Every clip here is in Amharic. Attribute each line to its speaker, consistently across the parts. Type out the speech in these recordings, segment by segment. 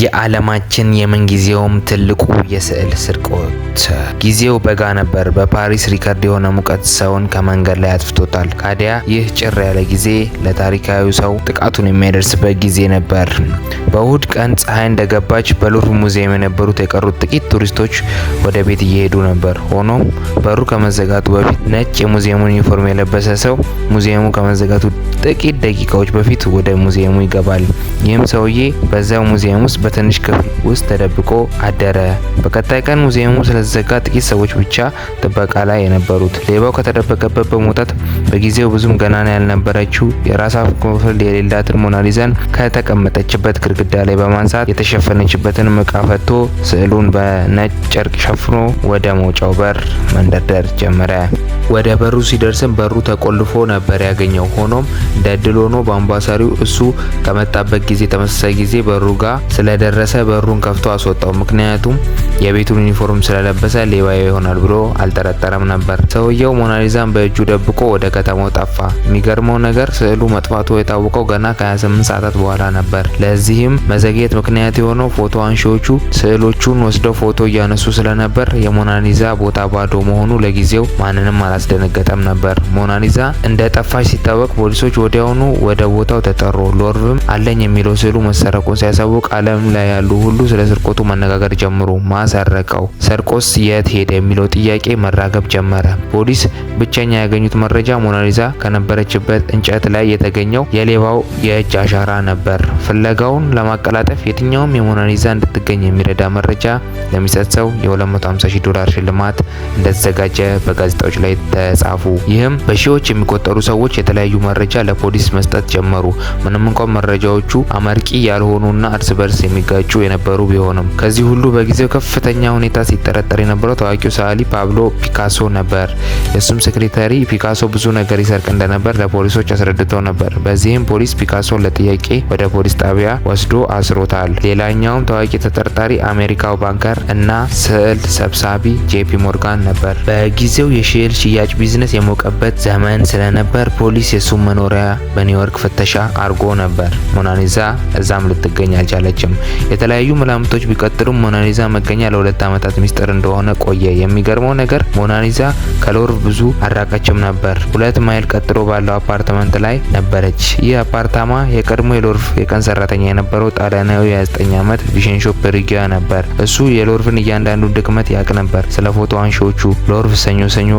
Speaker 1: የዓለማችን የምንጊዜውም ትልቁ የስዕል ስርቆት ጊዜው በጋ ነበር። በፓሪስ ሪከርድ የሆነ ሙቀት ሰውን ከመንገድ ላይ አጥፍቶታል። ካዲያ ይህ ጭር ያለ ጊዜ ለታሪካዊ ሰው ጥቃቱን የሚያደርስበት ጊዜ ነበር። በእሁድ ቀን ፀሐይ እንደገባች በሉር ሙዚየም የነበሩት የቀሩት ጥቂት ቱሪስቶች ወደ ቤት እየሄዱ ነበር። ሆኖም በሩ ከመዘጋቱ በፊት ነጭ የሙዚየሙን ዩኒፎርም የለበሰ ሰው ሙዚየሙ ከመዘጋቱ ጥቂት ደቂቃዎች በፊት ወደ ሙዚየሙ ይገባል። ይህም ሰውዬ በዚያው ሙዚየም ውስጥ በትንሽ ክፍል ውስጥ ተደብቆ አደረ። በቀጣይ ቀን ሙዚየሙ ስለተዘጋ ጥቂት ሰዎች ብቻ ጥበቃ ላይ የነበሩት። ሌባው ከተደበቀበት በመውጣት በጊዜው ብዙም ገናና ያልነበረችው የራሷ ክፍል የሌላትን ሞናሊዛን ከተቀመጠችበት ግድግዳ ላይ በማንሳት የተሸፈነችበትን እቃ ፈቶ ስዕሉን በነጭ ጨርቅ ሸፍኖ ወደ መውጫው በር መንደርደር ጀመረ። ወደ በሩ ሲደርስም በሩ ተቆልፎ ነበር ያገኘው። ሆኖም እንደ እድል ሆኖ በአምባሳሪው እሱ ከመጣበት ጊዜ ተመሳሳይ ጊዜ በሩ ጋር ስለ ስለደረሰ በሩን ከፍቶ አስወጣው። ምክንያቱም የቤቱን ዩኒፎርም ስለለበሰ ሌባ ይሆናል ብሎ አልጠረጠረም ነበር። ሰውየው ሞናሊዛን በእጁ ደብቆ ወደ ከተማው ጠፋ። የሚገርመው ነገር ስዕሉ መጥፋቱ የታወቀው ገና ከ28 ሰዓታት በኋላ ነበር። ለዚህም መዘግየት ምክንያት የሆነው ፎቶ አንሺዎቹ ስዕሎቹን ወስደው ፎቶ እያነሱ ስለነበር የሞናሊዛ ቦታ ባዶ መሆኑ ለጊዜው ማንንም አላስደነገጠም ነበር። ሞናሊዛ እንደ ጠፋች ሲታወቅ ፖሊሶች ወዲያውኑ ወደ ቦታው ተጠሩ። ሎርቭም አለኝ የሚለው ስዕሉ መሰረቁን ሲያሳውቅ አለም ዓለም ላይ ያሉ ሁሉ ስለ ስርቆቱ መነጋገር ጀምሩ። ማሰረቀው ሰርቆስ የት ሄደ የሚለው ጥያቄ መራገብ ጀመረ። ፖሊስ ብቸኛ ያገኙት መረጃ ሞናሊዛ ከነበረችበት እንጨት ላይ የተገኘው የሌባው የእጅ አሻራ ነበር። ፍለጋውን ለማቀላጠፍ የትኛውም የሞናሊዛ እንድትገኝ የሚረዳ መረጃ ለሚሰጥ ሰው የ250 ሺህ ዶላር ሽልማት እንደተዘጋጀ በጋዜጣዎች ላይ ተጻፉ። ይህም በሺዎች የሚቆጠሩ ሰዎች የተለያዩ መረጃ ለፖሊስ መስጠት ጀመሩ። ምንም እንኳን መረጃዎቹ አመርቂ ያልሆኑና እርስ በርስ የሚጋጩ የነበሩ ቢሆንም ከዚህ ሁሉ በጊዜው ከፍተኛ ሁኔታ ሲጠረጠር የነበረው ታዋቂው ሰዓሊ ፓብሎ ፒካሶ ነበር። የእሱም ሴክሬታሪ ፒካሶ ብዙ ነገር ይሰርቅ እንደነበር ለፖሊሶች አስረድተው ነበር። በዚህም ፖሊስ ፒካሶን ለጥያቄ ወደ ፖሊስ ጣቢያ ወስዶ አስሮታል። ሌላኛውም ታዋቂ ተጠርጣሪ አሜሪካው ባንከር እና ስዕል ሰብሳቢ ጄፒ ሞርጋን ነበር። በጊዜው የሽል ሽያጭ ቢዝነስ የሞቀበት ዘመን ስለነበር ፖሊስ የሱም መኖሪያ በኒውዮርክ ፍተሻ አርጎ ነበር። ሞናሊዛ እዛም ልትገኝ አልቻለችም። የተለያዩ መላምቶች ቢቀጥሉም ሞናሊዛ መገኛ ለሁለት ዓመታት ሚስጥር እንደሆነ ቆየ። የሚገርመው ነገር ሞናሊዛ ከሎርቭ ብዙ አራቀችም ነበር። ሁለት ማይል ቀጥሎ ባለው አፓርትመንት ላይ ነበረች። ይህ አፓርታማ የቀድሞ የሎር የቀን ሰራተኛ የነበረው ጣሊያናዊ የ29 ዓመት ቪሸንሾ ፕሪጊያ ነበር። እሱ የሎርቭን እያንዳንዱ ድክመት ያቅ ነበር። ስለ ፎቶ አንሺዎቹ ሎርቭ ሰኞ ሰኞ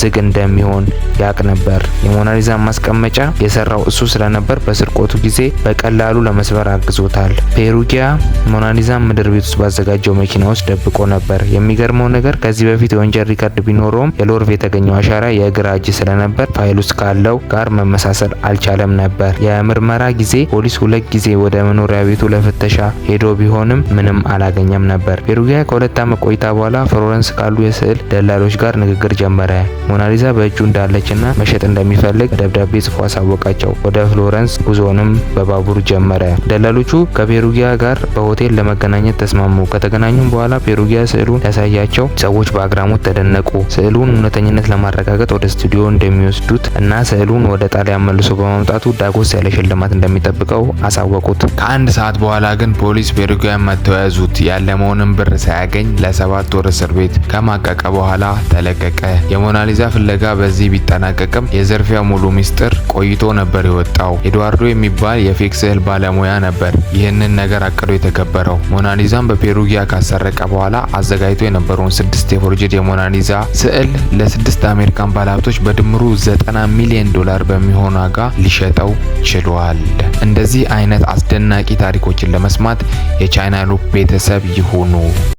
Speaker 1: ዝግ እንደሚሆን ያቅ ነበር። የሞናሊዛ ማስቀመጫ የሰራው እሱ ስለነበር በስርቆቱ ጊዜ በቀላሉ ለመስበር አግዞታል። ፔሩጊያ ሞናሊዛን ምድር ቤት ውስጥ ባዘጋጀው መኪና ውስጥ ደብቆ ነበር። የሚገርመው ነገር ከዚህ በፊት የወንጀል ሪከርድ ቢኖረውም የሎርቭ የተገኘው አሻራ የእግር እጅ ስለነበር ፋይል ውስጥ ካለው ጋር መመሳሰል አልቻለም ነበር። የምርመራ ጊዜ ፖሊስ ሁለት ጊዜ ወደ መኖሪያ ቤቱ ለፍተሻ ሄዶ ቢሆንም ምንም አላገኘም ነበር። ፔሩጊያ ከሁለት አመት ቆይታ በኋላ ፍሎረንስ ካሉ የስዕል ደላሎች ጋር ንግግር ጀመረ። ሞናሊዛ በእጁ እንዳለችና መሸጥ እንደሚፈልግ ደብዳቤ ጽፎ አሳወቃቸው። ወደ ፍሎረንስ ጉዞንም በባቡር ጀመረ። ደላሎቹ ከፔሩጊያ ጋር በሆቴል ለመገናኘት ተስማሙ። ከተገናኙም በኋላ ፔሩጊያ ስዕሉን ያሳያቸው ሰዎች በአግራሞት ተደነቁ። ስዕሉን እውነተኝነት ለማረጋገጥ ወደ ስቱዲዮ እንደሚወስዱት እና ስዕሉን ወደ ጣሊያን መልሶ በማምጣቱ ዳጎስ ያለ ሽልማት እንደሚጠብቀው አሳወቁት። ከአንድ ሰዓት በኋላ ግን ፖሊስ ፔሩጊያን መጥተው ያዙት። ያለመውንም ብር ሳያገኝ ለሰባት ወር እስር ቤት ከማቀቀ በኋላ ተለቀቀ። የሞናሊዛ ፍለጋ በዚህ ቢጠናቀቅም የዘርፊያ ሙሉ ሚስጥር ቆይቶ ነበር የወጣው። ኤድዋርዶ የሚባል የፌክ ስዕል ባለሙያ ነበር ይህንን ነገር አቅዶ በፈቃዱ የተከበረው። ሞናሊዛን በፔሩጊያ ካሰረቀ በኋላ አዘጋጅቶ የነበረውን ስድስት የፎርጅድ የሞናሊዛ ስዕል ለስድስት አሜሪካን ባለሀብቶች በድምሩ 90 ሚሊዮን ዶላር በሚሆን ዋጋ ሊሸጠው ችሏል። እንደዚህ አይነት አስደናቂ ታሪኮችን ለመስማት የቻይና ሉፕ ቤተሰብ ይሁኑ።